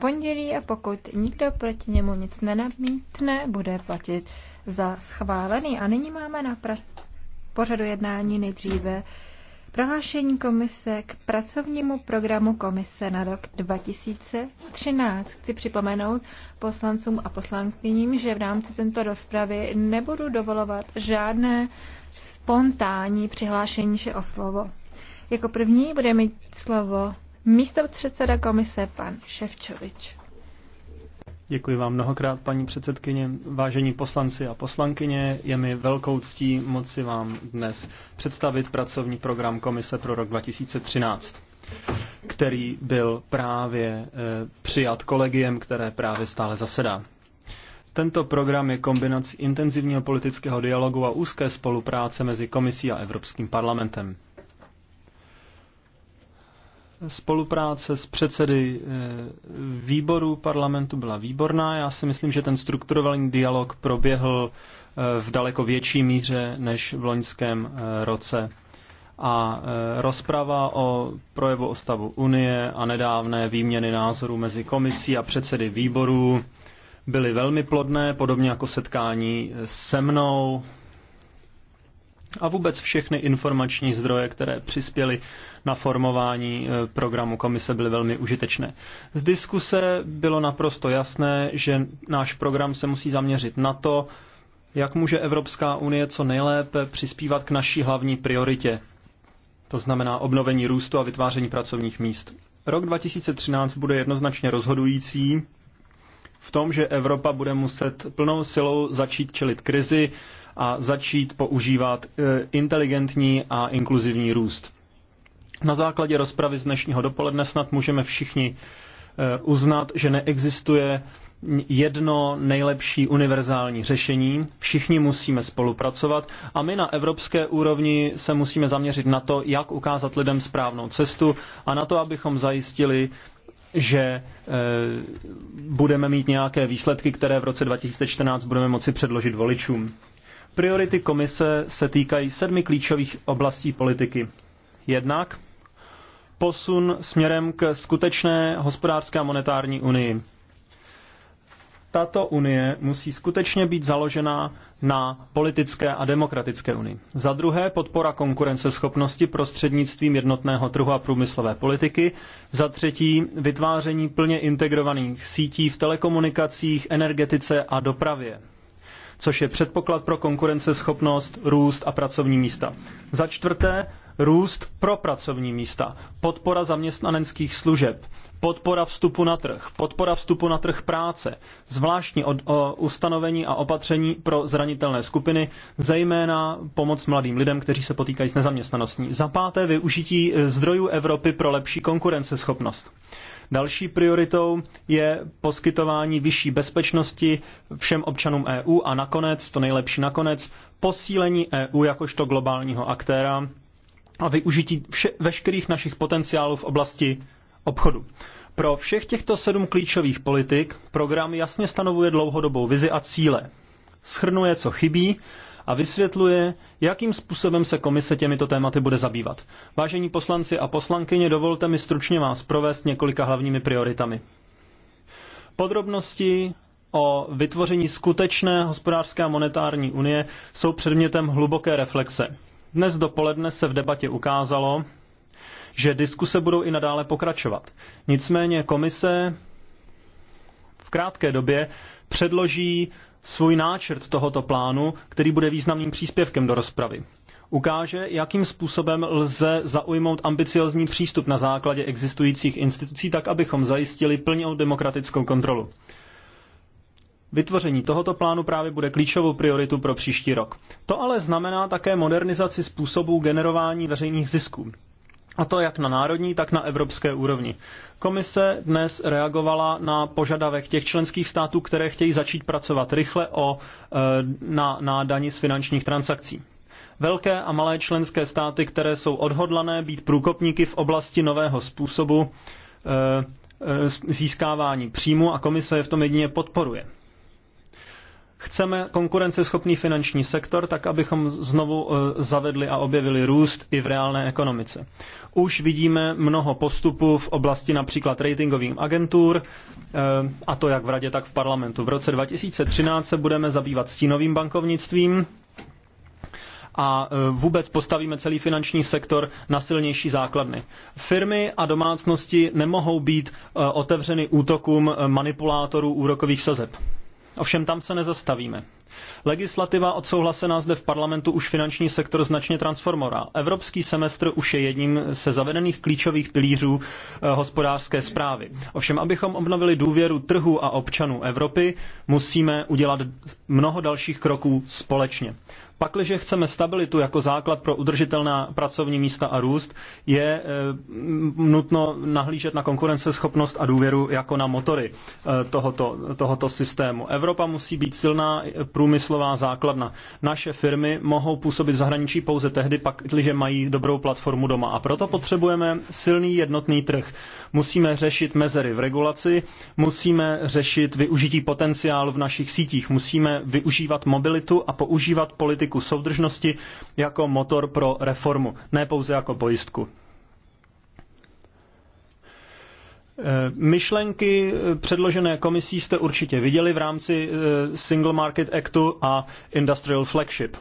pondělí a pokud nikdo proti němu nic nenamítne, bude platit za schválený. A nyní máme na pra- pořadu jednání nejdříve prohlášení komise k pracovnímu programu komise na rok 2013. Chci připomenout poslancům a poslankyním, že v rámci této rozpravy nebudu dovolovat žádné spontánní přihlášení o slovo. Jako první bude mít slovo místo předseda komise pan Ševčovič. Děkuji vám mnohokrát, paní předsedkyně. Vážení poslanci a poslankyně, je mi velkou ctí moci vám dnes představit pracovní program Komise pro rok 2013, který byl právě eh, přijat kolegiem, které právě stále zasedá. Tento program je kombinací intenzivního politického dialogu a úzké spolupráce mezi Komisí a Evropským parlamentem. Spolupráce s předsedy eh, výboru parlamentu byla výborná. Já si myslím, že ten strukturovaný dialog proběhl eh, v daleko větší míře než v loňském eh, roce. A rozprava o projevu o stavu Unie a nedávné výměny názorů mezi komisí a předsedy výborů byly velmi plodné, podobně jako setkání se mnou a vůbec všechny informační zdroje, které přispěly na formování eh, programu komise, byly velmi užitečné. Z diskuse bylo naprosto jasné, že náš program se musí zaměřit na to, jak může Evropská unie co nejlépe přispívat k naší hlavní prioritě, to znamená obnovení růstu a vytváření pracovních míst. Rok 2013 bude jednoznačně rozhodující v tom, že Evropa bude muset plnou silou začít čelit krizi, a začít používat eh, inteligentní a inkluzivní růst. Na základě rozpravy z dnešního dopoledne snad můžeme všichni eh, uznat, že neexistuje jedno nejlepší univerzální řešení, všichni musíme spolupracovat a my na evropské úrovni se musíme zaměřit na to, jak ukázat lidem správnou cestu a na to, abychom zajistili, že eh, budeme mít nějaké výsledky, které v roce 2014 budeme moci předložit voličům. Priority komise se týkají sedmi klíčových oblastí politiky. Jednak posun směrem k skutečné hospodářské a monetární unii. Tato unie musí skutečně být založena na politické a demokratické unii. Za druhé podpora konkurenceschopnosti prostřednictvím jednotného trhu a průmyslové politiky. Za třetí vytváření plně integrovaných sítí v telekomunikacích, energetice a dopravě což je předpoklad pro konkurenceschopnost, růst a pracovní místa. Za čtvrté, růst pro pracovní místa, podpora zaměstnaneckých služeb, podpora vstupu na trh, podpora vstupu na trh práce, zvláštní od, o, ustanovení a opatření pro zranitelné skupiny, zejména pomoc mladým lidem, kteří se potýkají s nezaměstnaností. Za páté využití e, zdrojů Evropy pro lepší konkurenceschopnost. Další prioritou je poskytování vyšší bezpečnosti všem občanům EU a nakonec, to nejlepší nakonec, posílení EU jakožto globálního aktéra a využití vše, veškerých našich potenciálů v oblasti obchodu. Pro všech těchto sedm klíčových politik program jasně stanovuje dlouhodobou vizi a cíle. Schrnuje, co chybí a vysvětluje, jakým způsobem se komise těmito tématy bude zabývat. Vážení poslanci a poslankyně, dovolte mi stručně vás provést několika hlavními prioritami. Podrobnosti o vytvoření skutečné hospodářské a monetární unie jsou předmětem hluboké reflexe. Dnes dopoledne se v debatě ukázalo, že diskuse budou i nadále pokračovat. Nicméně komise v krátké době předloží svůj náčrt tohoto plánu, který bude významným příspěvkem do rozpravy. Ukáže, jakým způsobem lze zaujmout ambiciozní přístup na základě existujících institucí, tak abychom zajistili plnou demokratickou kontrolu. Vytvoření tohoto plánu právě bude klíčovou prioritu pro příští rok. To ale znamená také modernizaci způsobů generování veřejných zisků a to jak na národní, tak na evropské úrovni. Komise dnes reagovala na požadavek těch členských států, které chtějí začít pracovat rychle o, e, na, na dani z finančních transakcí. Velké a malé členské státy, které jsou odhodlané být průkopníky v oblasti nového způsobu e, e, získávání příjmu a komise je v tom jedině podporuje. Chceme konkurenceschopný finanční sektor, tak abychom znovu e, zavedli a objevili růst i v reálné ekonomice. Už vidíme mnoho postupů v oblasti například ratingových agentur, e, a to jak v radě, tak v parlamentu. V roce 2013 se budeme zabývat stínovým bankovnictvím a e, vůbec postavíme celý finanční sektor na silnější základny. Firmy a domácnosti nemohou být otevřeny útokům manipulátorů úrokových sazeb. Ovšem tam se nezastavíme. Legislativa odsouhlasená zde v parlamentu už finanční sektor značně transformovala. Evropský semestr už je jedním se zavedených klíčových pilířů eh, hospodářské zprávy. Ovšem, abychom obnovili důvěru trhu a občanů Evropy, musíme udělat mnoho dalších kroků společně. Pakliže chceme stabilitu jako základ pro udržitelná pracovní místa a růst, je e, nutno nahlížet na konkurenceschopnost a důvěru jako na motory e, tohoto, tohoto systému. Evropa musí být silná průmyslová základna. Naše firmy mohou působit v zahraničí pouze tehdy, pakliže mají dobrou platformu doma. A proto potřebujeme silný jednotný trh. Musíme řešit mezery v regulaci, musíme řešit využití potenciálu v našich sítích, musíme využívat mobilitu a používat politiku politiku soudržnosti jako motor pro reformu, ne pouze jako pojistku. Eh, myšlenky eh, předložené komisí jste určitě viděli v rámci eh, Single Market Actu a Industrial Flagship.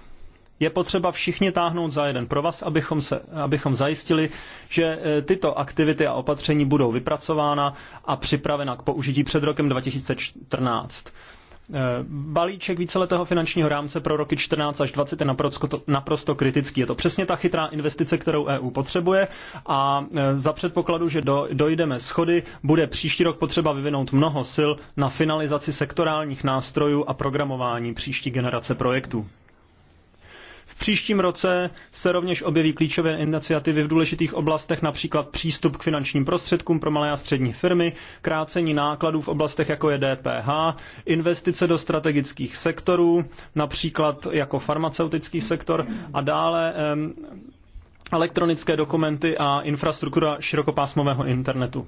Je potřeba všichni táhnout za jeden Pro vás, abychom, se, abychom zajistili, že tyto aktivity a opatření budou vypracována a připravena k použití před rokem 2014. Eh, balíček víceletého finančního rámce pro roky 14 až 20 je naprosto, naprosto kritický. Je to přesně ta chytrá investice, kterou EU potřebuje a eh, za předpokladu, že do, dojdeme schody, bude příští rok potřeba vyvinout mnoho sil na finalizaci sektorálních nástrojů a programování příští generace projektů příštím roce se rovněž objeví klíčové iniciativy v důležitých oblastech, například přístup k finančním prostředkům pro malé a střední firmy, krácení nákladů v oblastech jako je DPH, investice do strategických sektorů, například jako farmaceutický sektor a dále elektronické dokumenty a infrastruktura širokopásmového internetu.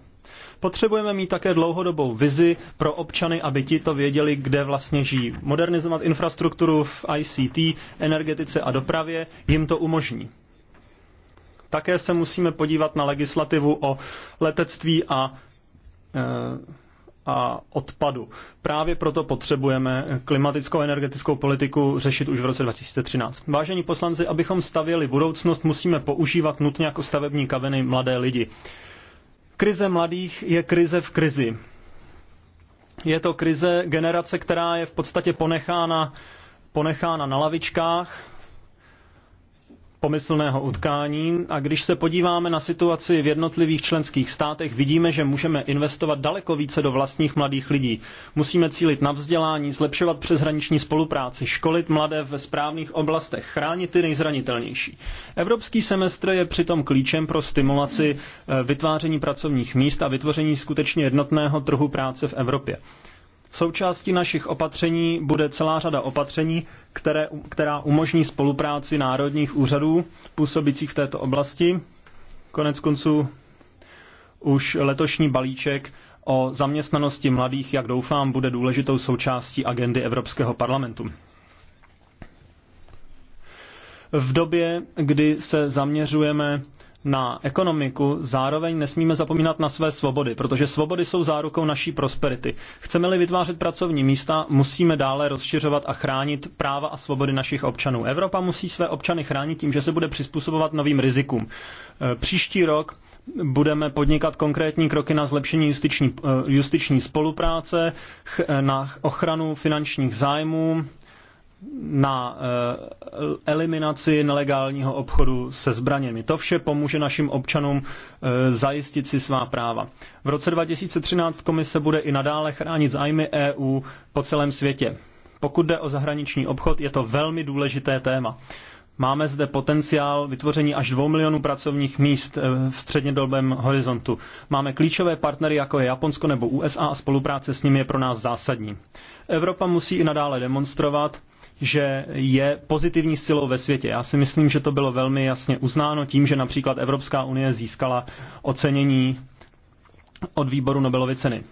Potřebujeme mít také dlouhodobou vizi pro občany, aby ti to věděli, kde vlastně žijí. Modernizovat infrastrukturu v ICT, energetice a dopravě jim to umožní. Také se musíme podívat na legislativu o letectví a e, a odpadu. Právě proto potřebujeme klimatickou a energetickou politiku řešit už v roce 2013. Vážení poslanci, abychom stavěli budoucnost, musíme používat nutně jako stavební kaveny mladé lidi. Krize mladých je krize v krizi. Je to krize generace, která je v podstatě ponechána, ponechána na lavičkách, pomyslného utkání a když se podíváme na situaci v jednotlivých členských státech, vidíme, že můžeme investovat daleko více do vlastních mladých lidí. Musíme cílit na vzdělání, zlepšovat přeshraniční spolupráci, školit mladé ve správných oblastech, chránit ty nejzranitelnější. Evropský semestr je přitom klíčem pro stimulaci eh, vytváření pracovních míst a vytvoření skutečně jednotného trhu práce v Evropě. V součástí našich opatření bude celá řada opatření, které, která umožní spolupráci národních úřadů působících v této oblasti. Konec konců už letošní balíček o zaměstnanosti mladých, jak doufám, bude důležitou součástí agendy Evropského parlamentu. V době, kdy se zaměřujeme na ekonomiku, zároveň nesmíme zapomínat na své svobody, protože svobody jsou zárukou naší prosperity. Chceme-li vytvářet pracovní místa, musíme dále rozšiřovat a chránit práva a svobody našich občanů. Evropa musí své občany chránit tím, že se bude přizpůsobovat novým rizikům. E, příští rok budeme podnikat konkrétní kroky na zlepšení justiční, e, justiční spolupráce, e, na ochranu finančních zájmů, na eh, eliminaci nelegálního obchodu se zbraněmi. To vše pomůže našim občanům eh, zajistit si svá práva. V roce 2013 komise bude i nadále chránit zájmy EU po celém světě. Pokud jde o zahraniční obchod, je to velmi důležité téma. Máme zde potenciál vytvoření až 2 milionů pracovních míst eh, v střednědobém horizontu. Máme klíčové partnery, jako je Japonsko nebo USA a spolupráce s nimi je pro nás zásadní. Evropa musí i nadále demonstrovat, že je pozitivní silou ve světě. Já si myslím, že to bylo velmi jasně uznáno tím, že například Evropská unie získala ocenění od výboru Nobelovy ceny.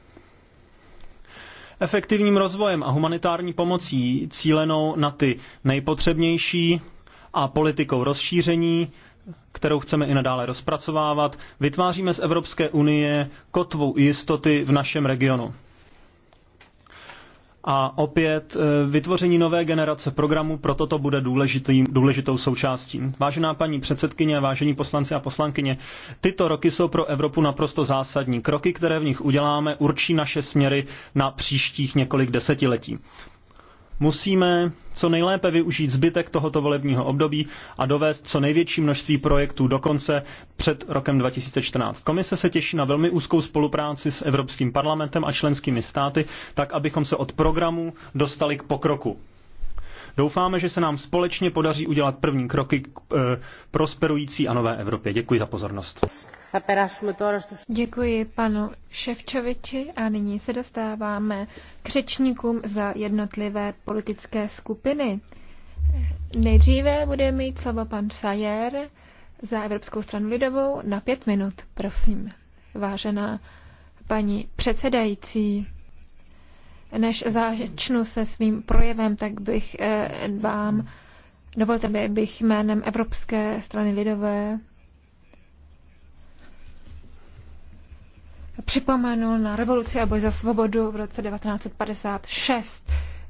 Efektivním rozvojem a humanitární pomocí cílenou na ty nejpotřebnější a politikou rozšíření, kterou chceme i nadále rozpracovávat, vytváříme z Evropské unie kotvu jistoty v našem regionu. A opět eh, vytvoření nové generace programu pro toto bude důležitý, důležitou součástí. Vážená paní předsedkyně, vážení poslanci a poslankyně, tyto roky jsou pro Evropu naprosto zásadní. Kroky, které v nich uděláme, určí naše směry na příštích několik desetiletí. Musíme co nejlépe využít zbytek tohoto volebního období a dovést co největší množství projektů do konce před rokem 2014. Komise se těší na velmi úzkou spolupráci s Evropským parlamentem a členskými státy, tak abychom se od programu dostali k pokroku. Doufáme, že se nám společně podaří udělat první kroky k eh, prosperující a nové Evropě. Děkuji za pozornost. Děkuji panu Ševčoviči a nyní se dostáváme k řečníkům za jednotlivé politické skupiny. Nejdříve bude mít slovo pan Sajer za Evropskou stranu lidovou na pět minut, prosím. Vážená paní předsedající, než začnu se svým projevem, tak bych eh, vám, dovolte mi, bych jménem Evropské strany lidové připomenul na revoluci a boj za svobodu v roce 1956.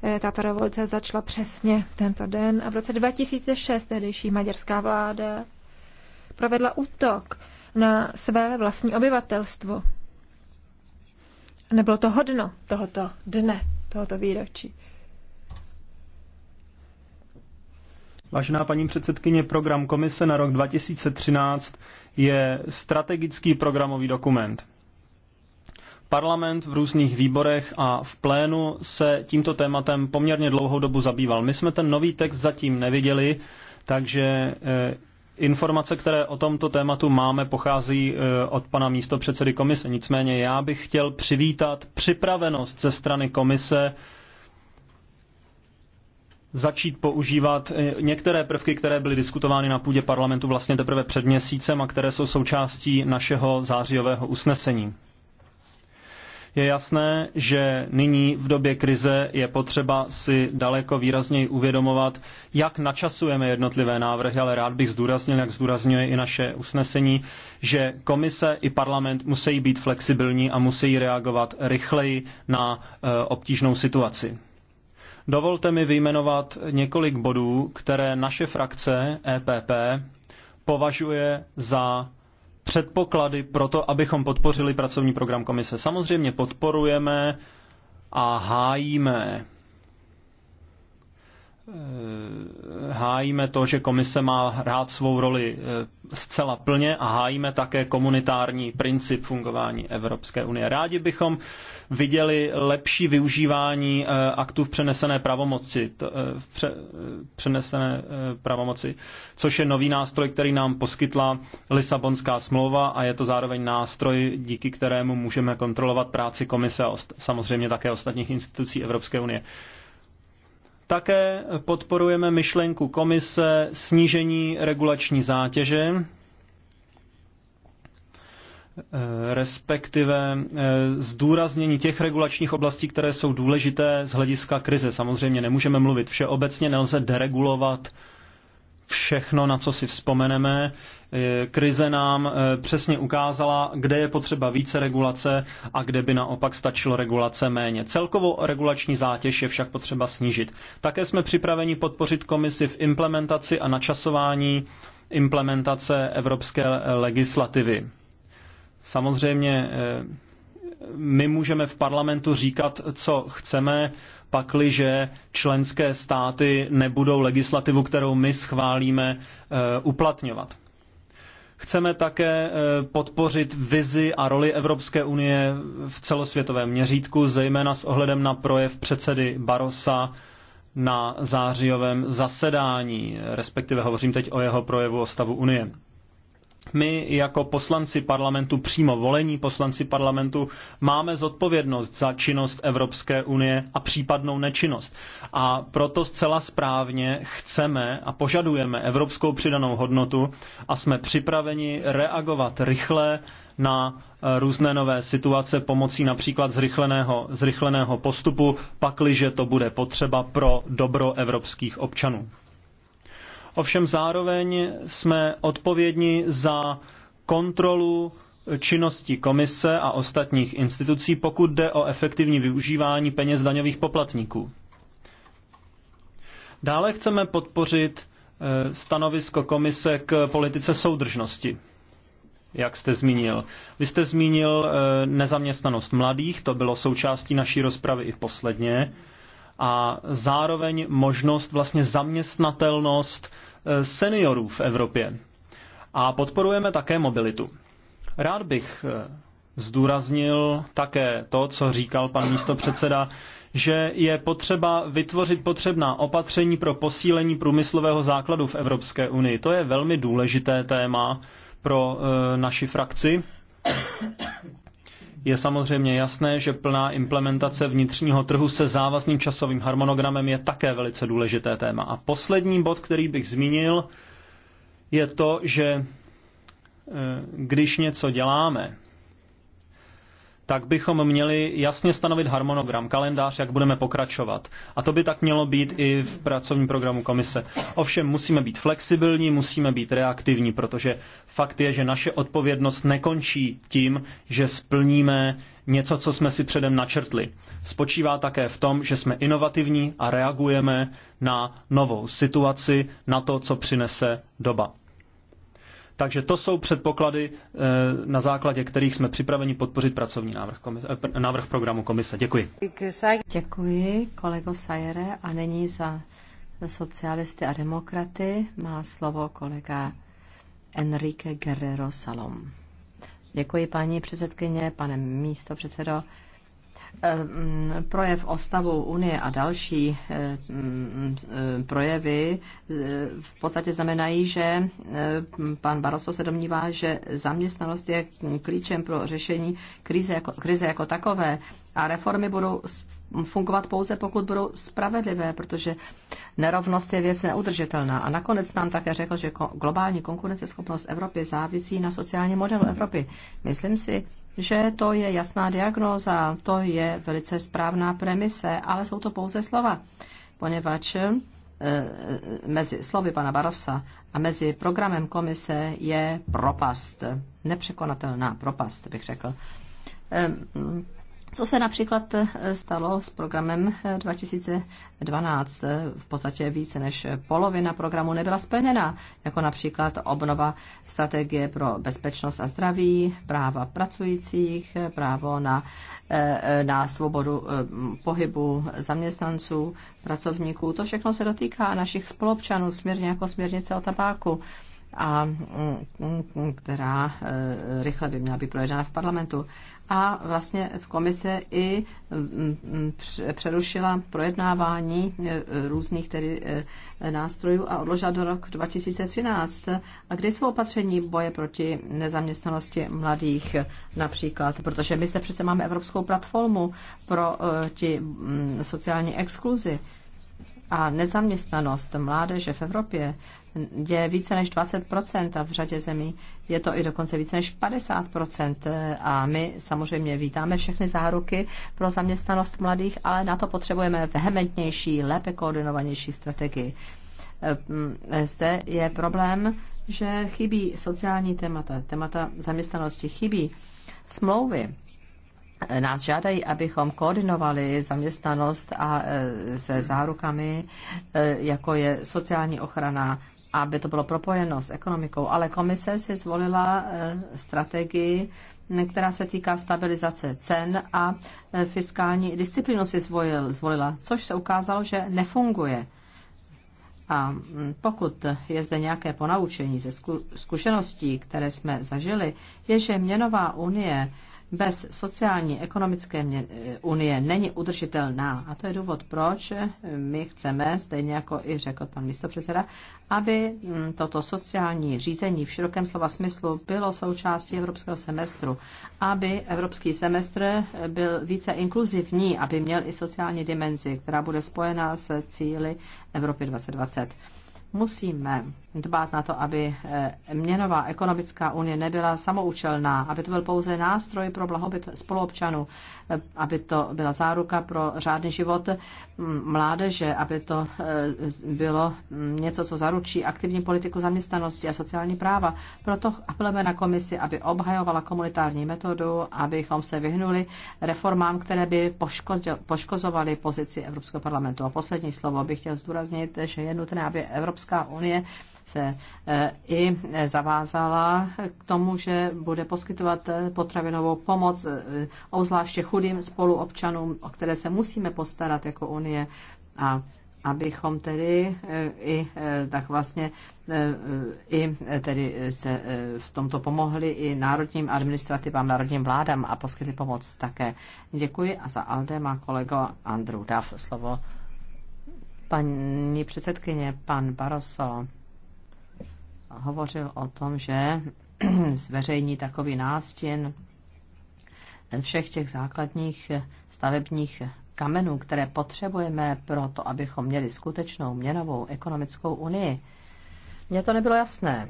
Eh, tato revoluce začala přesně tento den a v roce 2006 tehdejší maďarská vláda provedla útok na své vlastní obyvatelstvo nebylo to hodno tohoto dne, tohoto výročí. Vážená paní předsedkyně, program Komise na rok 2013 je strategický programový dokument. Parlament v různých výborech a v plénu se tímto tématem poměrně dlouhou dobu zabýval. My jsme ten nový text zatím neviděli, takže eh, Informace, které o tomto tématu máme, pochází eh, od pana místopředsedy komise. Nicméně já bych chtěl přivítat připravenost ze strany komise začít používat eh, některé prvky, které byly diskutovány na půdě parlamentu vlastně teprve před měsícem a které jsou součástí našeho zářijového usnesení. Je jasné, že nyní v době krize je potřeba si daleko výrazněji uvědomovat, jak načasujeme jednotlivé návrhy, ale rád bych zdůraznil, jak zdůrazňuje i naše usnesení, že komise i parlament musí být flexibilní a musí reagovat rychleji na eh, obtížnou situaci. Dovolte mi vyjmenovat několik bodů, které naše frakce EPP považuje za předpoklady pro to, abychom podpořili pracovní program komise. Samozřejmě podporujeme a hájíme eh, hájíme to, že komise má hrát svou roli eh, zcela plně a hájíme také komunitární princip fungování Evropské unie. Rádi bychom viděli lepší využívání eh, aktů v přenesené pravomoci, eh, v pře, eh, přenesené pravomoci, což je nový nástroj, který nám poskytla Lisabonská smlouva a je to zároveň nástroj, díky kterému můžeme kontrolovat práci komise a samozřejmě také ostatních institucí Evropské unie. Také podporujeme myšlenku komise snížení regulační zátěže Eh, respektive eh, zdůraznění těch regulačních oblastí, které jsou důležité z hlediska krize. Samozřejmě nemůžeme mluvit všeobecně, nelze deregulovat všechno, na co si vzpomeneme. Eh, krize nám přesně ukázala, kde je potřeba více regulace a kde by naopak stačilo regulace méně. Celkovou regulační zátěž je však potřeba snížit. Také jsme připraveni podpořit komisi v implementaci a načasování implementace evropské legislativy Samozřejmě eh, my můžeme v parlamentu říkat, co chceme, pakliže členské státy nebudou legislativu, kterou my schválíme, eh, uplatňovat. Chceme také eh, podpořit vizi a roli Evropské unie v celosvětovém měřítku, zejména s ohledem na projev předsedy Barosa na zářijovém zasedání, respektive hovořím teď o jeho projevu o stavu unie my jako poslanci parlamentu, přímo volení poslanci parlamentu, máme zodpovědnost za činnost Evropské unie a případnou nečinnost. A proto zcela správně chceme a požadujeme evropskou přidanou hodnotu a jsme připraveni reagovat rychle na eh, různé nové situace pomocí například zrychleného, zrychleného postupu, pakliže to bude potřeba pro dobro evropských občanů. Ovšem zároveň jsme odpovědni za kontrolu činnosti komise a ostatních institucí, pokud jde o efektivní využívání peněz daňových poplatníků. Dále chceme podpořit eh, stanovisko komise k politice soudržnosti, jak jste zmínil. Vy jste zmínil eh, nezaměstnanost mladých, to bylo součástí naší rozpravy i posledně a zároveň možnost vlastně zaměstnatelnost eh, seniorů v Evropě. A podporujeme také mobilitu. Rád bych eh, zdůraznil také to, co říkal pan místopředseda, že je potřeba vytvořit potřebná opatření pro posílení průmyslového základu v Evropské unii. To je velmi důležité téma pro e, naši frakci je samozřejmě jasné, že plná implementace vnitřního trhu se závazným časovým harmonogramem je také velice důležité téma. A poslední bod, který bych zmínil, je to, že eh, když něco děláme, tak bychom měli jasně stanovit harmonogram, kalendář, jak budeme pokračovat. A to by tak mělo být i v pracovním programu komise. Ovšem musíme být flexibilní, musíme být reaktivní, protože fakt je, že naše odpovědnost nekončí tím, že splníme něco, co jsme si předem načrtli. Spočívá také v tom, že jsme inovativní a reagujeme na novou situaci, na to, co přinese doba. Takže to jsou předpoklady, eh, na základě kterých jsme připraveni podpořit pracovní návrh, komise, eh, návrh programu komise. Děkuji. Děkuji, kolego Sajere. A nyní za socialisty a demokraty má slovo kolega Enrique Guerrero Salom. Děkuji, paní předsedkyně, pane místo předsedo. Eh, projev o stavu Unie a další eh, mm, eh, projevy v podstatě znamenají, že pan Barroso se domnívá, že zaměstnanost je klíčem pro řešení krize jako, krize jako takové a reformy budou fungovat pouze, pokud budou spravedlivé, protože nerovnost je věc neudržitelná. A nakonec nám také řekl, že globální konkurenceschopnost Evropy závisí na sociálním modelu Evropy. Myslím si, že to je jasná diagnóza, to je velice správná premise, ale jsou to pouze slova, poněvadž e, e, mezi slovy pana Barosa a mezi programem komise je propast, nepřekonatelná propast, bych řekl. Co se například eh, stalo s programem 2012? Eh, v podstatě více než polovina programu nebyla splněna, jako například obnova strategie pro bezpečnost a zdraví, práva pracujících, eh, právo na, na svobodu pohybu zaměstnanců, pracovníků. To všechno se dotýká našich spolupčanů, směrně jako směrnice o tabáku a mm, která e, rychle by měla být projednána v parlamentu. A vlastně v komise i mm, přerušila projednávání e, různých tedy e, nástrojů a odložila do roku 2013. A kde jsou opatření boje proti nezaměstnanosti mladých například? Protože my zde přece máme Evropskou platformu pro ti mm, sociální exkluzi a nezaměstnanost mládeže v Evropě je více než 20% a v řadě zemí je to i dokonce více než 50%. A my samozřejmě vítáme všechny záruky pro zaměstnanost mladých, ale na to potřebujeme vehementnější, lépe koordinovanější strategii. Eh, mm, zde je problém, že chybí sociální témata, témata zaměstnanosti chybí smlouvy nás žádají, abychom koordinovali zaměstnanost a e, se zárukami, e, jako je sociální ochrana, aby to bylo propojeno s ekonomikou. Ale komise si zvolila e, strategii, která se týká stabilizace cen a fiskální disciplínu si zvolila, což se ukázalo, že nefunguje. A pokud je zde nějaké ponaučení ze zkušeností, které jsme zažili, je, že měnová unie bez sociální ekonomické eh, unie není udržitelná. A to je důvod, proč eh, my chceme, stejně jako i řekl pan místopředseda, aby hm, toto sociální řízení v širokém slova smyslu bylo součástí evropského semestru, aby evropský semestr eh, byl více inkluzivní, aby měl i sociální dimenzi, která bude spojená s cíly Evropy 2020 musíme dbát na to, aby eh, měnová ekonomická unie nebyla samoučelná, aby to byl pouze nástroj pro blahobyt spoluobčanů, eh, aby to byla záruka pro řádný život mm, mládeže, aby to eh, bylo mm, něco, co zaručí aktivní politiku zaměstnanosti a sociální práva. Proto apelujeme na komisi, aby obhajovala komunitární metodu, abychom se vyhnuli reformám, které by poškozovaly pozici Evropského parlamentu. A poslední slovo bych chtěl zdůraznit, že je nutné, aby Evropská Evropská unie se eh, i eh, zavázala k tomu, že bude poskytovat eh, potravinovou pomoc obzvláště chudým spoluobčanům, o které se musíme postarat jako Unie a abychom tedy i tak vlastně i tedy se v tomto pomohli i národním administrativám, národním vládám a poskytli pomoc také. Děkuji a za Alde má kolego Andrew Dav slovo. Paní předsedkyně, pan Barroso hovořil o tom, že zveřejní takový nástěn všech těch základních stavebních kamenů, které potřebujeme pro to, abychom měli skutečnou měnovou ekonomickou unii. Mně to nebylo jasné.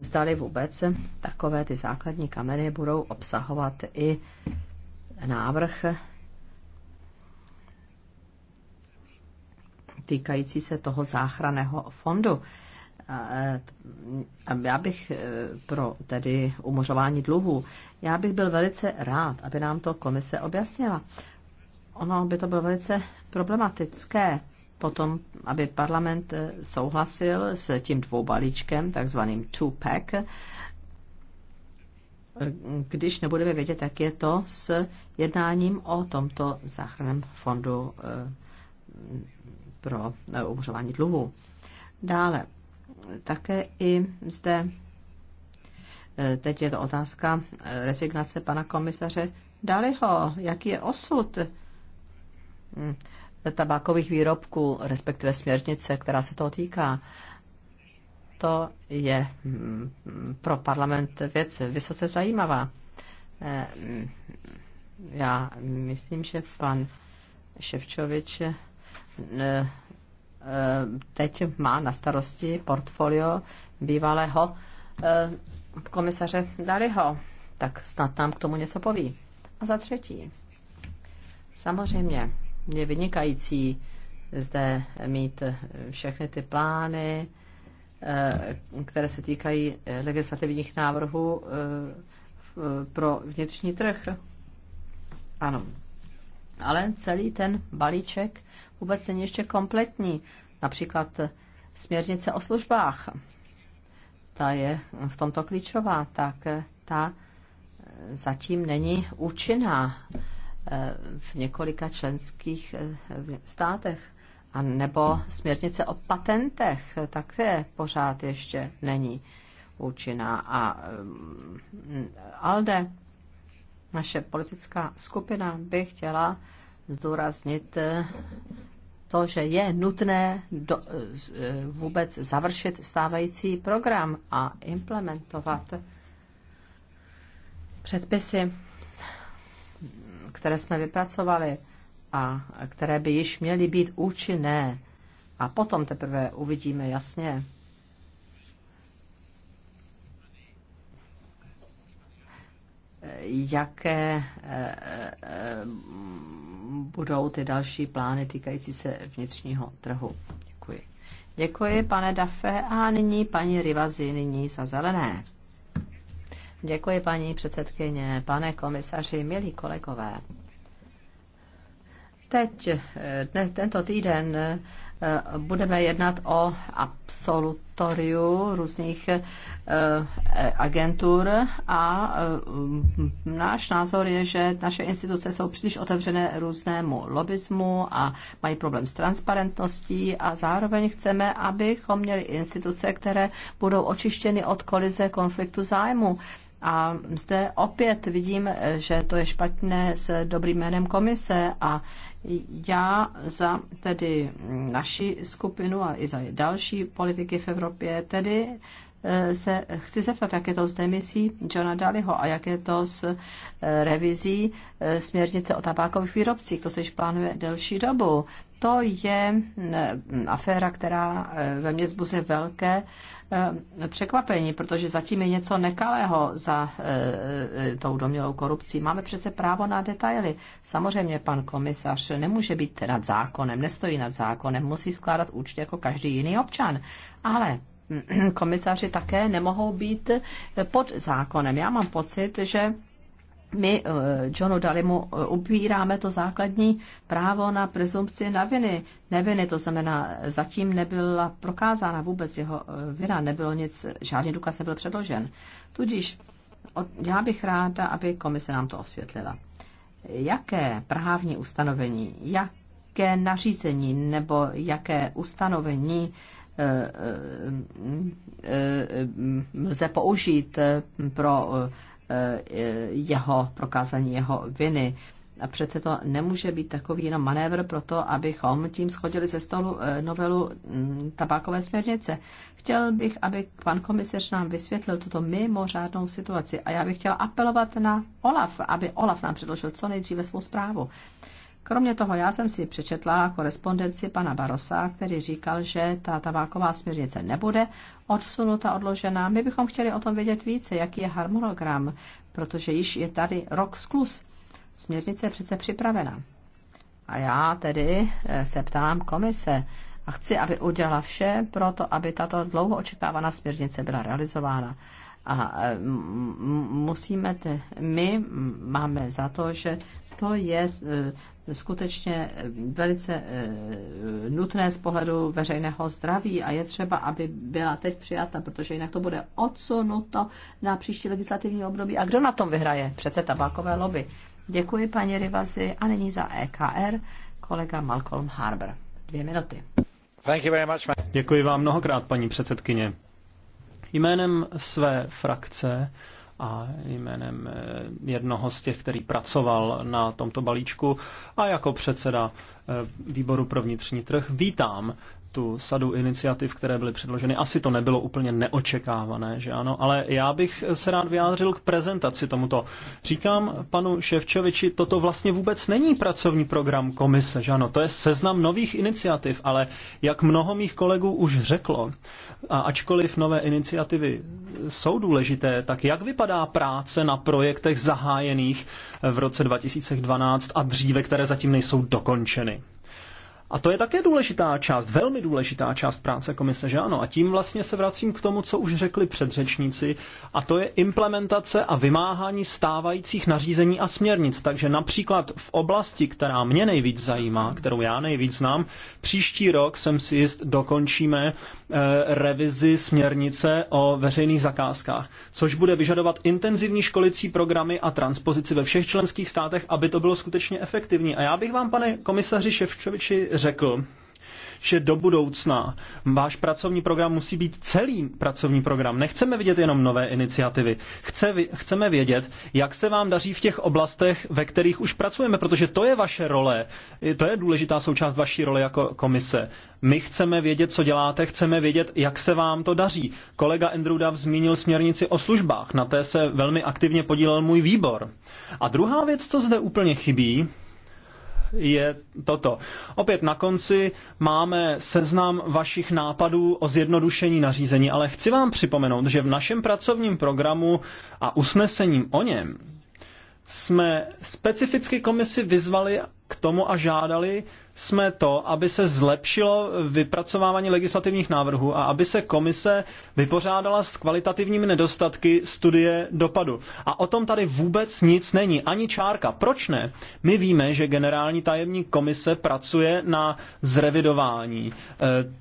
Zdali vůbec takové ty základní kameny budou obsahovat i návrh týkající se toho záchraného fondu. E, já bych e, pro tedy umořování dluhů, já bych byl velice rád, aby nám to komise objasnila. Ono by to bylo velice problematické potom, aby parlament e, souhlasil s tím dvoubalíčkem, takzvaným two-pack, když nebudeme vědět, jak je to s jednáním o tomto záchranném fondu pro eh, umořování dluhu. Dále, také i zde, eh, teď je to otázka eh, resignace pana komisaře Daliho, jaký je osud hm, tabákových výrobků, respektive směrnice, která se toho týká. To je hm, pro parlament věc vysoce zajímavá. Hm, já myslím, že pan Ševčovič Eh, teď má na starosti portfolio bývalého eh, komisaře Daliho. Tak snad nám k tomu něco poví. A za třetí, samozřejmě je vynikající zde mít všechny ty plány, eh, které se týkají legislativních návrhů pro vnitřní trh. Ano, ale celý ten balíček vůbec není ještě kompletní. Například směrnice o službách, ta je v tomto klíčová, tak ta zatím není účinná eh, v několika členských eh, státech. A nebo směrnice o patentech, tak je pořád ještě není účinná. A mm, ALDE naše politická skupina by chtěla zdůraznit eh, to, že je nutné do, eh, vůbec završit stávající program a implementovat předpisy, které jsme vypracovali a které by již měly být účinné. A potom teprve uvidíme jasně, jaké eh, eh, budou ty další plány týkající se vnitřního trhu. Děkuji. Děkuji, pane Dafe. A nyní paní Rivazi, nyní za zelené. Děkuji, paní předsedkyně, pane komisaři, milí kolegové. Teď, eh, dnes, tento týden Eh, budeme jednat o absolutoriu různých eh, agentur a eh, náš názor je, že naše instituce jsou příliš otevřené různému lobismu a mají problém s transparentností a zároveň chceme, abychom měli instituce, které budou očištěny od kolize konfliktu zájmu a zde opět vidím, že to je špatné s dobrým jménem komise a já za tedy naši skupinu a i za další politiky v Evropě tedy eh, se chci zeptat, jak je to s demisí Johna Daliho a jak je to s eh, revizí eh, směrnice o tabákových výrobcích. To se již plánuje delší dobu to je eh, aféra, která eh, ve mně zbuzuje velké eh, překvapení, protože zatím je něco nekalého za tou domělou korupcí. Máme přece právo na detaily. Samozřejmě pan komisař nemůže být nad zákonem, nestojí nad zákonem, musí skládat účty jako každý jiný občan. Ale komisaři také nemohou být pod zákonem. Já mám pocit, že my eh, Johnu Dalimu eh, upíráme to základní právo na prezumpci viny. Neviny, to znamená, eh, zatím nebyla prokázána vůbec jeho vina, nebylo nic, žádný důkaz nebyl předložen. Tudíž já bych ráda, aby komise nám to osvětlila. Jaké právní ustanovení, jaké nařízení nebo jaké ustanovení lze použít pro Eh, jeho prokázání jeho viny. A přece to nemůže být takový jenom manévr pro to, abychom tím schodili ze stolu eh, novelu mm, tabákové směrnice. Chtěl bych, aby pan komisař nám vysvětlil tuto mimořádnou situaci a já bych chtěla apelovat na Olaf, aby Olaf nám předložil co nejdříve svou zprávu. Kromě toho já jsem si přečetla korespondenci pana Barosa, který říkal, že ta tabáková směrnice nebude odsunuta, odložená. My bychom chtěli o tom vědět více, jaký je harmonogram, protože již je tady rok sklus. Směrnice je přece připravena. A já tedy eh, se ptám komise a chci, aby udělala vše pro to, aby tato dlouho očekávaná směrnice byla realizována. A eh, musíme, te, my máme za to, že to je eh, skutečně eh, velice eh, nutné z pohledu veřejného zdraví a je třeba, aby byla teď přijata, protože jinak to bude odsunuto na příští legislativní období. A kdo na tom vyhraje? Přece tabákové lobby. Děkuji, paní Rivazi. A nyní za EKR kolega Malcolm Harbour. Dvě minuty. Thank you very much, Děkuji vám mnohokrát, paní předsedkyně. Jménem své frakce a jménem eh, jednoho z těch, který pracoval na tomto balíčku a jako předseda eh, výboru pro vnitřní trh vítám tu sadu iniciativ, které byly předloženy. Asi to nebylo úplně neočekávané, že ano, ale já bych se rád vyjádřil k prezentaci tomuto. Říkám panu Ševčoviči, toto vlastně vůbec není pracovní program komise, že ano, to je seznam nových iniciativ, ale jak mnoho mých kolegů už řeklo, a ačkoliv nové iniciativy jsou důležité, tak jak vypadá práce na projektech zahájených v roce 2012 a dříve, které zatím nejsou dokončeny? A to je také důležitá část, velmi důležitá část práce komise, že ano? A tím vlastně se vracím k tomu, co už řekli předřečníci, a to je implementace a vymáhání stávajících nařízení a směrnic. Takže například v oblasti, která mě nejvíc zajímá, kterou já nejvíc znám, příští rok jsem si jist dokončíme eh, revizi směrnice o veřejných zakázkách, což bude vyžadovat intenzivní školicí programy a transpozici ve všech členských státech, aby to bylo skutečně efektivní. A já bych vám, pane komisaři Ševčoviči, řekl, že do budoucna váš pracovní program musí být celý pracovní program. Nechceme vidět jenom nové iniciativy. Chce, chceme vědět, jak se vám daří v těch oblastech, ve kterých už pracujeme, protože to je vaše role, to je důležitá součást vaší role jako komise. My chceme vědět, co děláte, chceme vědět, jak se vám to daří. Kolega Andrew Duff zmínil směrnici o službách, na té se velmi aktivně podílel můj výbor. A druhá věc, co zde úplně chybí, je toto. Opět na konci máme seznam vašich nápadů o zjednodušení nařízení, ale chci vám připomenout, že v našem pracovním programu a usnesením o něm jsme specificky komisi vyzvali k tomu a žádali, jsme to, aby se zlepšilo vypracovávání legislativních návrhů a aby se komise vypořádala s kvalitativními nedostatky studie dopadu. A o tom tady vůbec nic není, ani čárka. Proč ne? My víme, že generální tajemní komise pracuje na zrevidování e,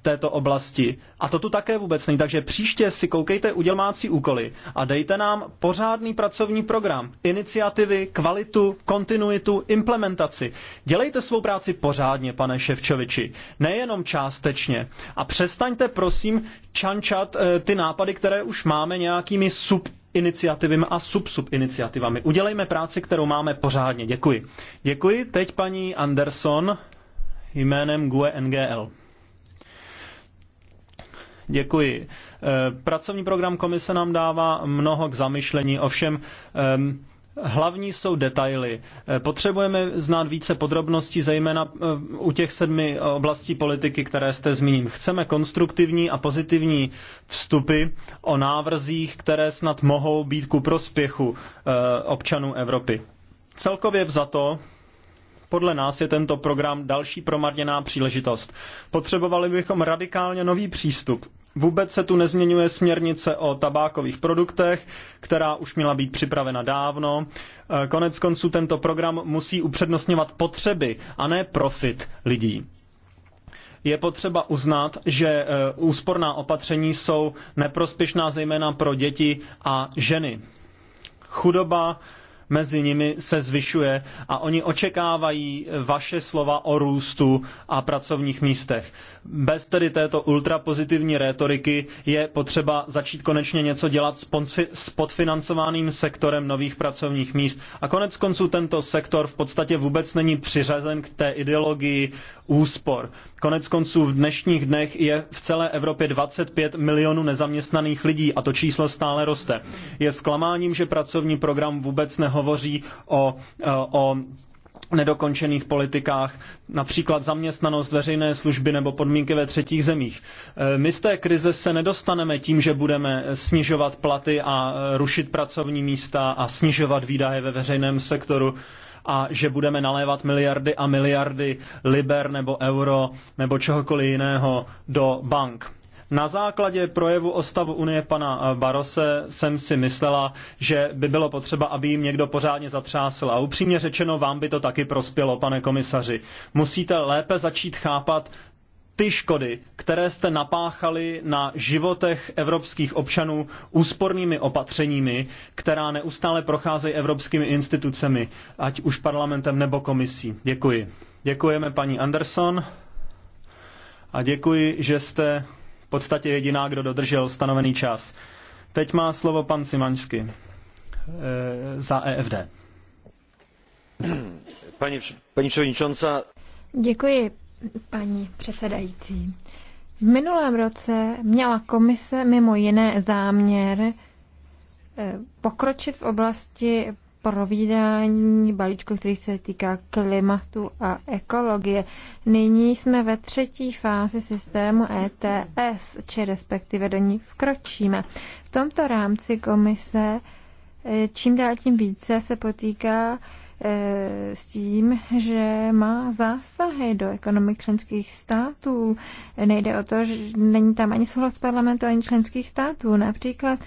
této oblasti. A to tu také vůbec není. Takže příště si koukejte udělmácí úkoly a dejte nám pořádný pracovní program, iniciativy, kvalitu, kontinuitu, implementaci. Dělejte svou práci pořádně správně, pane Ševčoviči. Nejenom částečně. A přestaňte, prosím, čančat eh, ty nápady, které už máme nějakými sub iniciativami a subsubiniciativami. Udělejme práci, kterou máme pořádně. Děkuji. Děkuji. Teď paní Anderson jménem GUE NGL. Děkuji. Eh, pracovní program komise nám dává mnoho k zamyšlení, ovšem ehm, Hlavní jsou detaily. Eh, potřebujeme znát více podrobností, zejména eh, u těch sedmi oblastí politiky, které jste zmínil. Chceme konstruktivní a pozitivní vstupy o návrzích, které snad mohou být ku prospěchu eh, občanů Evropy. Celkově to, podle nás je tento program další promarněná příležitost. Potřebovali bychom radikálně nový přístup Vůbec se tu nezměňuje směrnice o tabákových produktech, která už měla být připravena dávno. E, konec konců tento program musí upřednostňovat potřeby a ne profit lidí. Je potřeba uznat, že e, úsporná opatření jsou neprospěšná zejména pro děti a ženy. Chudoba mezi nimi se zvyšuje a oni očekávají vaše slova o růstu a pracovních místech. Bez tedy této ultrapozitivní rétoriky je potřeba začít konečně něco dělat s podfinancovaným sektorem nových pracovních míst. A konec konců tento sektor v podstatě vůbec není přiřazen k té ideologii úspor. Konec konců v dnešních dnech je v celé Evropě 25 milionů nezaměstnaných lidí a to číslo stále roste. Je zklamáním, že pracovní program vůbec neho hovoří o, e, o nedokončených politikách, například zaměstnanost veřejné služby nebo podmínky ve třetích zemích. E, my z té krize se nedostaneme tím, že budeme snižovat platy a e, rušit pracovní místa a snižovat výdaje ve veřejném sektoru a že budeme nalévat miliardy a miliardy liber nebo euro nebo čehokoliv jiného do bank. Na základě projevu o stavu Unie pana eh, Barose jsem si myslela, že by bylo potřeba, aby jim někdo pořádně zatřásl. A upřímně řečeno, vám by to taky prospělo, pane komisaři. Musíte lépe začít chápat ty škody, které jste napáchali na životech evropských občanů úspornými opatřeními, která neustále procházejí evropskými institucemi, ať už parlamentem nebo komisí. Děkuji. Děkujeme paní Anderson a děkuji, že jste podstatě jediná, kdo dodržel stanovený čas. Teď má slovo pan Simaňsky eh, e, za EFD. Pani, paní předsedající. Děkuji, paní předsedající. V minulém roce měla komise mimo jiné záměr eh, pokročit v oblasti provídání balíčku, který se týká klimatu a ekologie. Nyní jsme ve třetí fázi systému ETS, či respektive do ní vkročíme. V tomto rámci komise eh, čím dál tím více se potýká eh, s tím, že má zásahy do ekonomik členských států. Nejde o to, že není tam ani souhlas parlamentu, ani členských států. Například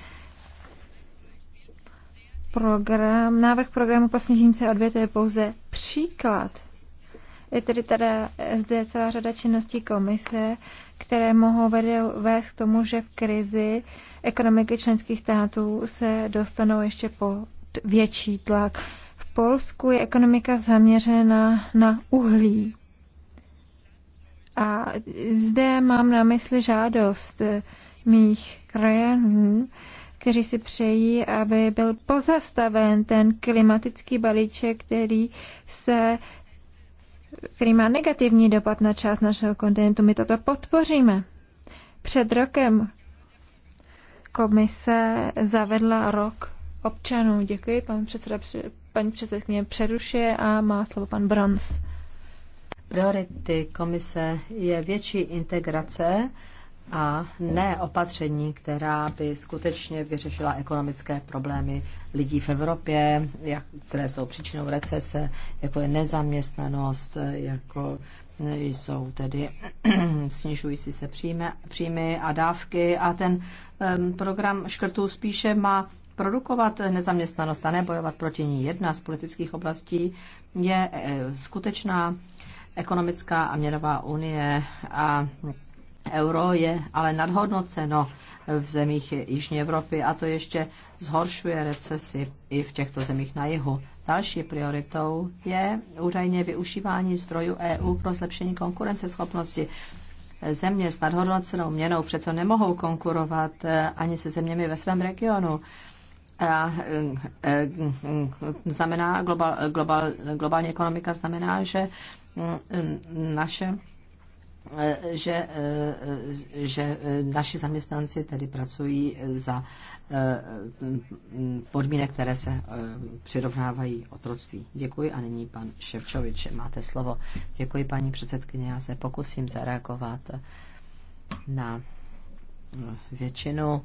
program, návrh programu po snížení CO2 to je pouze příklad. Je tedy teda zde celá řada činností komise, které mohou vést k tomu, že v krizi ekonomiky členských států se dostanou ještě pod větší tlak. V Polsku je ekonomika zaměřena na uhlí. A zde mám na mysli žádost mých krajanů, kteří si přejí, aby byl pozastaven ten klimatický balíček, který se který má negativní dopad na část našeho kontinentu. My toto podpoříme. Před rokem komise zavedla rok občanů. Děkuji, pan předseda, paní předsedkyně přerušuje a má slovo pan Brons. Priority komise je větší integrace a ne opatření, která by skutečně vyřešila ekonomické problémy lidí v Evropě, jak, které jsou příčinou recese, jako je nezaměstnanost, jako jsou tedy snižující se příjmy, příjmy a dávky a ten program škrtů spíše má produkovat nezaměstnanost a nebojovat proti ní. Jedna z politických oblastí je e, skutečná ekonomická a měnová unie a Euro je ale nadhodnoceno v zemích Jižní Evropy a to ještě zhoršuje recesi i v těchto zemích na jihu. Další prioritou je údajně využívání zdrojů EU pro zlepšení konkurenceschopnosti. Země s nadhodnocenou měnou přece nemohou konkurovat eh, ani se zeměmi ve svém regionu. A, eh, eh, znamená, global, global, globální ekonomika znamená, že mm, naše Eh, že, eh, že eh, naši zaměstnanci tedy pracují za mm, podmínek, které se přirovnávají otroctví. Děkuji a nyní pan Ševčovič, máte slovo. Děkuji paní předsedkyně, já se pokusím zareagovat na většinu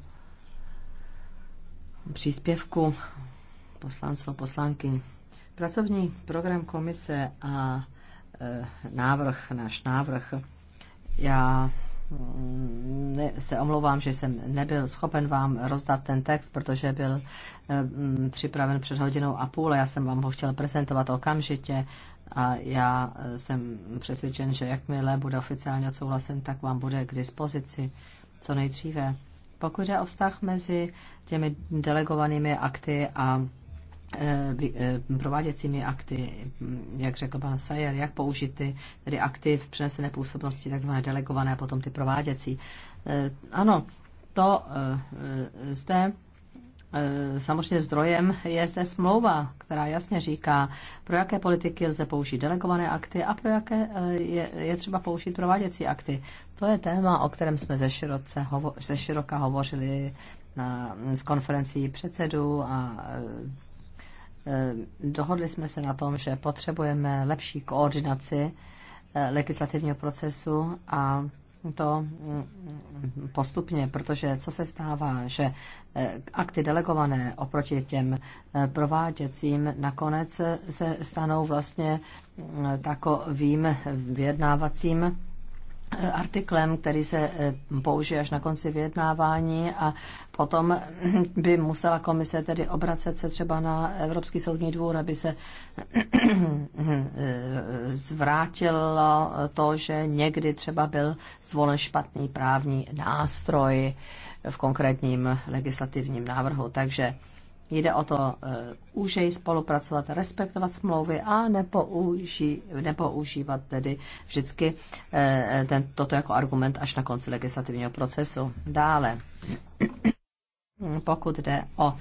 příspěvku poslanců a poslanky. Pracovní program komise a návrh, náš návrh já mm, se omlouvám, že jsem nebyl schopen vám rozdat ten text, protože byl eh, mm, připraven před hodinou a půl a já jsem vám ho chtěl prezentovat okamžitě a já eh, jsem přesvědčen, že jakmile bude oficiálně odsouhlasen, tak vám bude k dispozici co nejdříve. Pokud je o vztah mezi těmi delegovanými akty a Eh, eh, prováděcími akty, jak řekl pan Sayer, jak použít ty tedy akty v přenesené působnosti, takzvané delegované a potom ty prováděcí. Eh, ano, to zde samozřejmě zdrojem je zde smlouva, která jasně říká, pro jaké politiky lze použít delegované akty a pro jaké je, je třeba použít prováděcí akty. To je téma, o kterém jsme ze, široce, hovo, ze široka hovořili na, z konferencí předsedů a Eh, dohodli jsme se na tom, že potřebujeme lepší koordinaci eh, legislativního procesu a to mm, postupně, protože co se stává, že eh, akty delegované oproti těm prováděcím nakonec se stanou vlastně mm, takovým vyjednávacím artiklem, který se eh, použije až na konci vyjednávání a potom by musela komise tedy obracet se třeba na Evropský soudní dvůr, aby se eh, zvrátilo to, že někdy třeba byl zvolen špatný právní nástroj v konkrétním legislativním návrhu. Takže Jde o to úžej eh, spolupracovat, respektovat smlouvy a nepouži, nepoužívat tedy vždycky eh, ten, toto jako argument až na konci legislativního procesu. Dále, pokud jde o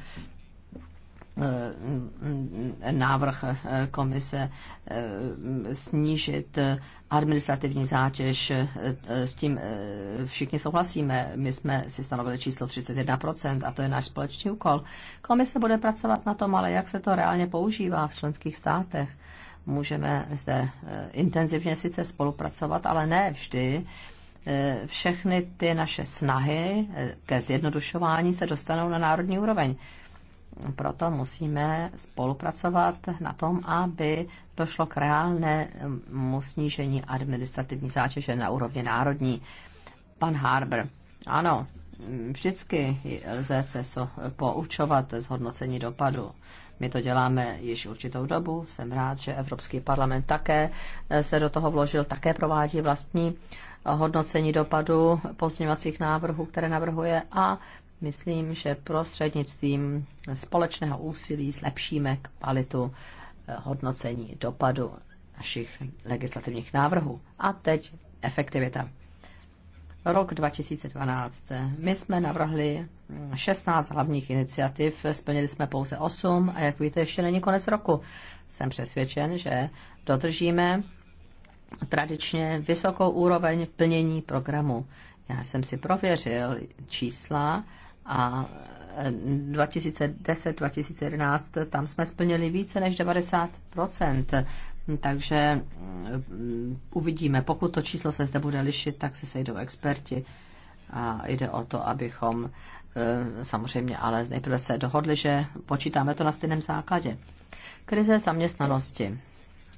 Eh, návrh eh, komise eh, snížit administrativní zátěž, s tím všichni souhlasíme. My jsme si stanovili číslo 31% a to je náš společný úkol. Komise bude pracovat na tom, ale jak se to reálně používá v členských státech. Můžeme zde intenzivně sice spolupracovat, ale ne vždy všechny ty naše snahy ke zjednodušování se dostanou na národní úroveň. Proto musíme spolupracovat na tom, aby došlo k reálnému snížení administrativní zátěže na úrovni národní. Pan Harbour, ano, vždycky lze se poučovat z hodnocení dopadu. My to děláme již určitou dobu. Jsem rád, že Evropský parlament také se do toho vložil, také provádí vlastní hodnocení dopadu pozměňovacích návrhů, které navrhuje a myslím, že prostřednictvím společného úsilí zlepšíme kvalitu eh, hodnocení dopadu našich legislativních návrhů. A teď efektivita. Rok 2012. My jsme navrhli 16 hlavních iniciativ, splnili jsme pouze 8 a jak víte, ještě není konec roku. Jsem přesvědčen, že dodržíme tradičně vysokou úroveň plnění programu. Já jsem si prověřil čísla a 2010-2011 e, tam jsme splnili více než 90 takže mm, uvidíme. Pokud to číslo se zde bude lišit, tak se sejdou experti a jde o to, abychom e, samozřejmě ale nejprve se dohodli, že počítáme to na stejném základě. Krize zaměstnanosti.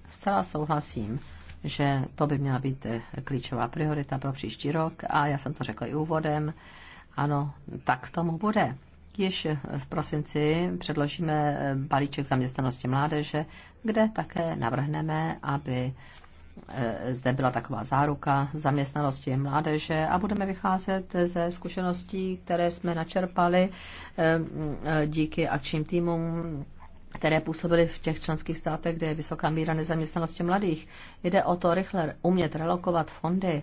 Zcela souhlasím, že to by měla být e, klíčová priorita pro příští rok a já jsem to řekla i úvodem. Ano, tak tomu bude. Již v prosinci předložíme balíček zaměstnanosti mládeže, kde také navrhneme, aby eh, zde byla taková záruka zaměstnanosti mládeže a budeme vycházet ze zkušeností, které jsme načerpali eh, eh, díky akčním týmům které působily v těch členských státech, kde je vysoká míra nezaměstnanosti mladých. Jde o to rychle umět relokovat fondy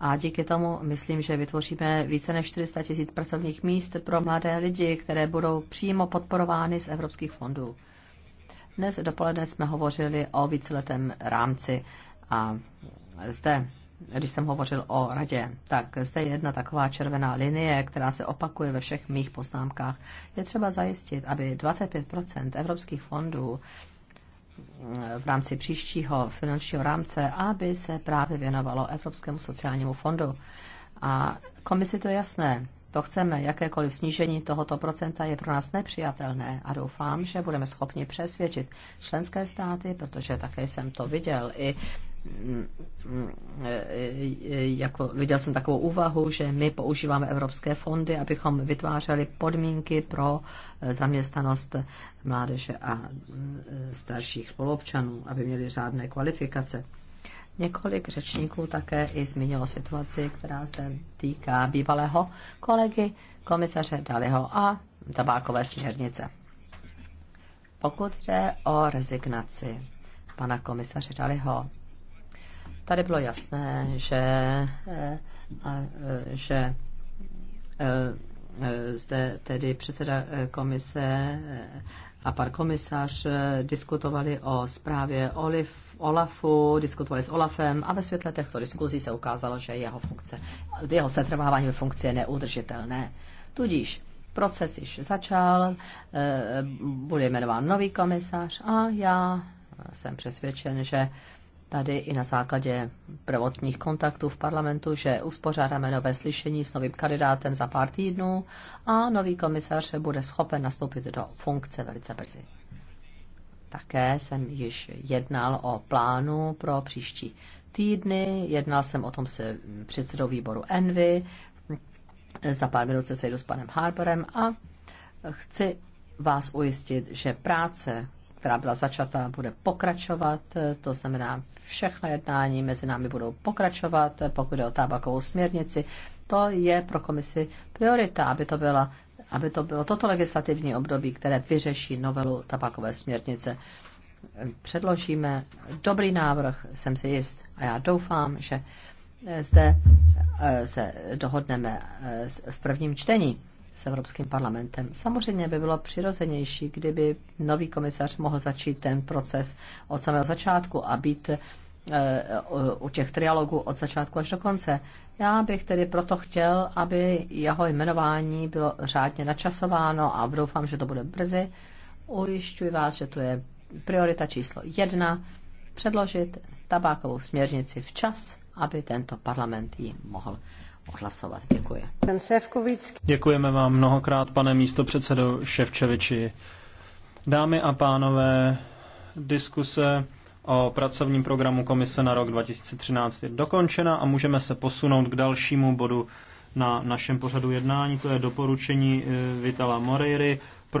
a díky tomu myslím, že vytvoříme více než 400 tisíc pracovních míst pro mladé lidi, které budou přímo podporovány z evropských fondů. Dnes dopoledne jsme hovořili o víceletém rámci a zde, když jsem hovořil o radě, tak zde je jedna taková červená linie, která se opakuje ve všech mých poznámkách. Je třeba zajistit, aby 25 evropských fondů v rámci příštího finančního rámce, aby se právě věnovalo Evropskému sociálnímu fondu. A komisi to je jasné, to chceme, jakékoliv snížení tohoto procenta je pro nás nepřijatelné a doufám, že budeme schopni přesvědčit členské státy, protože také jsem to viděl i Eh, jako viděl jsem takovou úvahu, že my používáme evropské fondy, abychom vytvářeli podmínky pro eh, zaměstnanost mládeže a eh, starších spoluobčanů, aby měli řádné kvalifikace. Několik řečníků také i zmínilo situaci, která se týká bývalého kolegy komisaře Daliho a tabákové směrnice. Pokud jde o rezignaci pana komisaře Daliho, Tady bylo jasné, že, eh, a, eh, že eh, zde tedy předseda komise a pan komisař diskutovali o zprávě Oliv, Olafu, diskutovali s Olafem a ve světle těchto diskuzí se ukázalo, že jeho, funkce, jeho setrvávání ve funkci je neudržitelné. Tudíž proces již začal, bude jmenován nový komisař a já jsem přesvědčen, že tady i na základě prvotních kontaktů v parlamentu, že uspořádáme nové slyšení s novým kandidátem za pár týdnů a nový komisař bude schopen nastoupit do funkce velice brzy. Také jsem již jednal o plánu pro příští týdny, jednal jsem o tom s předsedou výboru Envy, za pár minut se sejdu s panem Harborem a chci vás ujistit, že práce, která byla začata, bude pokračovat, to znamená, všechna jednání mezi námi budou pokračovat, pokud je o tabakovou směrnici. To je pro komisi priorita, aby to, byla, aby to bylo toto legislativní období, které vyřeší novelu tabakové směrnice. Předložíme dobrý návrh, jsem si jist a já doufám, že zde eh, se dohodneme eh, v prvním čtení s Evropským parlamentem. Samozřejmě by bylo přirozenější, kdyby nový komisař mohl začít ten proces od samého začátku a být eh, u těch trialogů od začátku až do konce. Já bych tedy proto chtěl, aby jeho jmenování bylo řádně načasováno a doufám, že to bude brzy. Ujišťuji vás, že to je priorita číslo jedna, předložit tabákovou směrnici včas, aby tento parlament ji mohl Děkuji. Děkujeme vám mnohokrát, pane místopředsedo Ševčeviči. Dámy a pánové, diskuse o pracovním programu Komise na rok 2013 je dokončena a můžeme se posunout k dalšímu bodu na našem pořadu jednání, to je doporučení eh, Vitala Moreiry